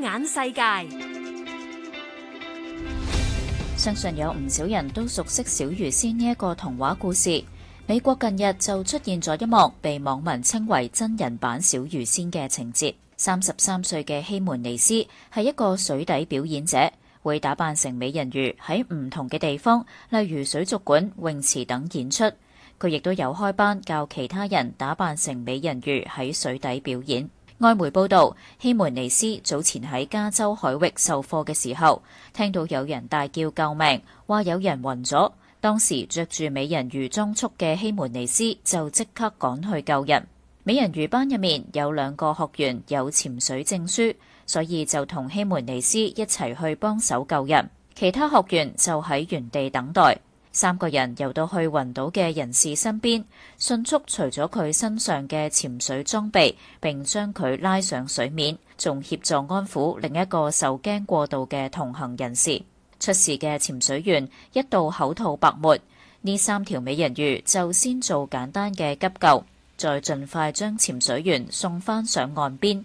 眼世界，相信有唔少人都熟悉《小魚仙》呢一個童話故事。美國近日就出現咗一幕被網民稱為真人版《小魚仙》嘅情節。三十三歲嘅希門尼斯係一個水底表演者，會打扮成美人魚喺唔同嘅地方，例如水族館、泳池等演出。佢亦都有開班教其他人打扮成美人魚喺水底表演。外媒報導，希梅尼斯早前喺加州海域授課嘅時候，聽到有人大叫救命，話有人暈咗。當時着住美人魚裝束嘅希梅尼斯就即刻趕去救人。美人魚班入面有兩個學員有潛水證書，所以就同希梅尼斯一齊去幫手救人，其他學員就喺原地等待。三個人游到去暈倒嘅人士身邊，迅速除咗佢身上嘅潛水裝備，並將佢拉上水面，仲協助安撫另一個受驚過度嘅同行人士。出事嘅潛水員一度口吐白沫，呢三條美人魚就先做簡單嘅急救，再盡快將潛水員送返上岸邊。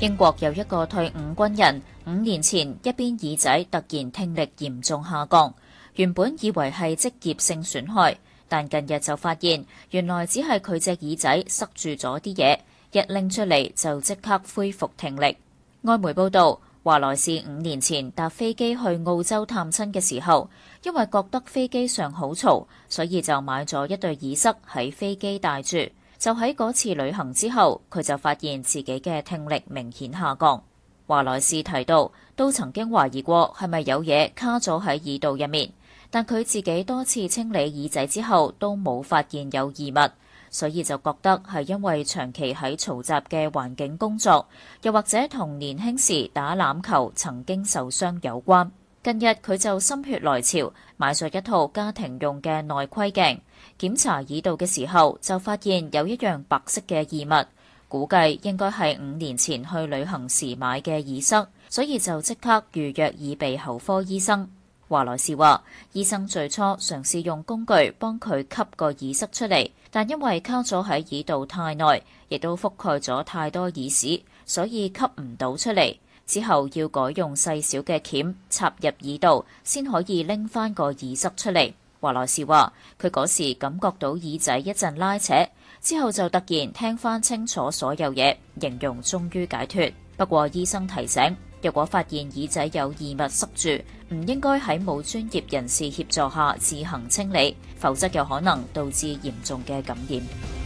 英國有一個退伍軍人，五年前一邊耳仔突然聽力嚴重下降，原本以為係職業性損害，但近日就發現，原來只係佢隻耳仔塞住咗啲嘢，一拎出嚟就即刻恢復聽力。外媒報道，華萊士五年前搭飛機去澳洲探親嘅時候，因為覺得飛機上好嘈，所以就買咗一對耳塞喺飛機戴住。就喺嗰次旅行之後，佢就發現自己嘅聽力明顯下降。華萊士提到，都曾經懷疑過係咪有嘢卡咗喺耳道入面，但佢自己多次清理耳仔之後都冇發現有異物，所以就覺得係因為長期喺嘈雜嘅環境工作，又或者同年輕時打籃球曾經受傷有關。近日佢就心血來潮買咗一套家庭用嘅內窺鏡，檢查耳道嘅時候就發現有一樣白色嘅異物，估計應該係五年前去旅行時買嘅耳塞，所以就即刻預約耳鼻喉科醫生。華萊士話：醫生最初嘗試用工具幫佢吸個耳塞出嚟，但因為卡咗喺耳道太耐，亦都覆蓋咗太多耳屎，所以吸唔到出嚟。之後要改用細小嘅鉗插入耳道，先可以拎翻個耳塞出嚟。華萊士話：佢嗰時感覺到耳仔一陣拉扯，之後就突然聽翻清楚所有嘢，形容終於解脱。不過醫生提醒，若果發現耳仔有異物塞住，唔應該喺冇專業人士協助下自行清理，否則有可能導致嚴重嘅感染。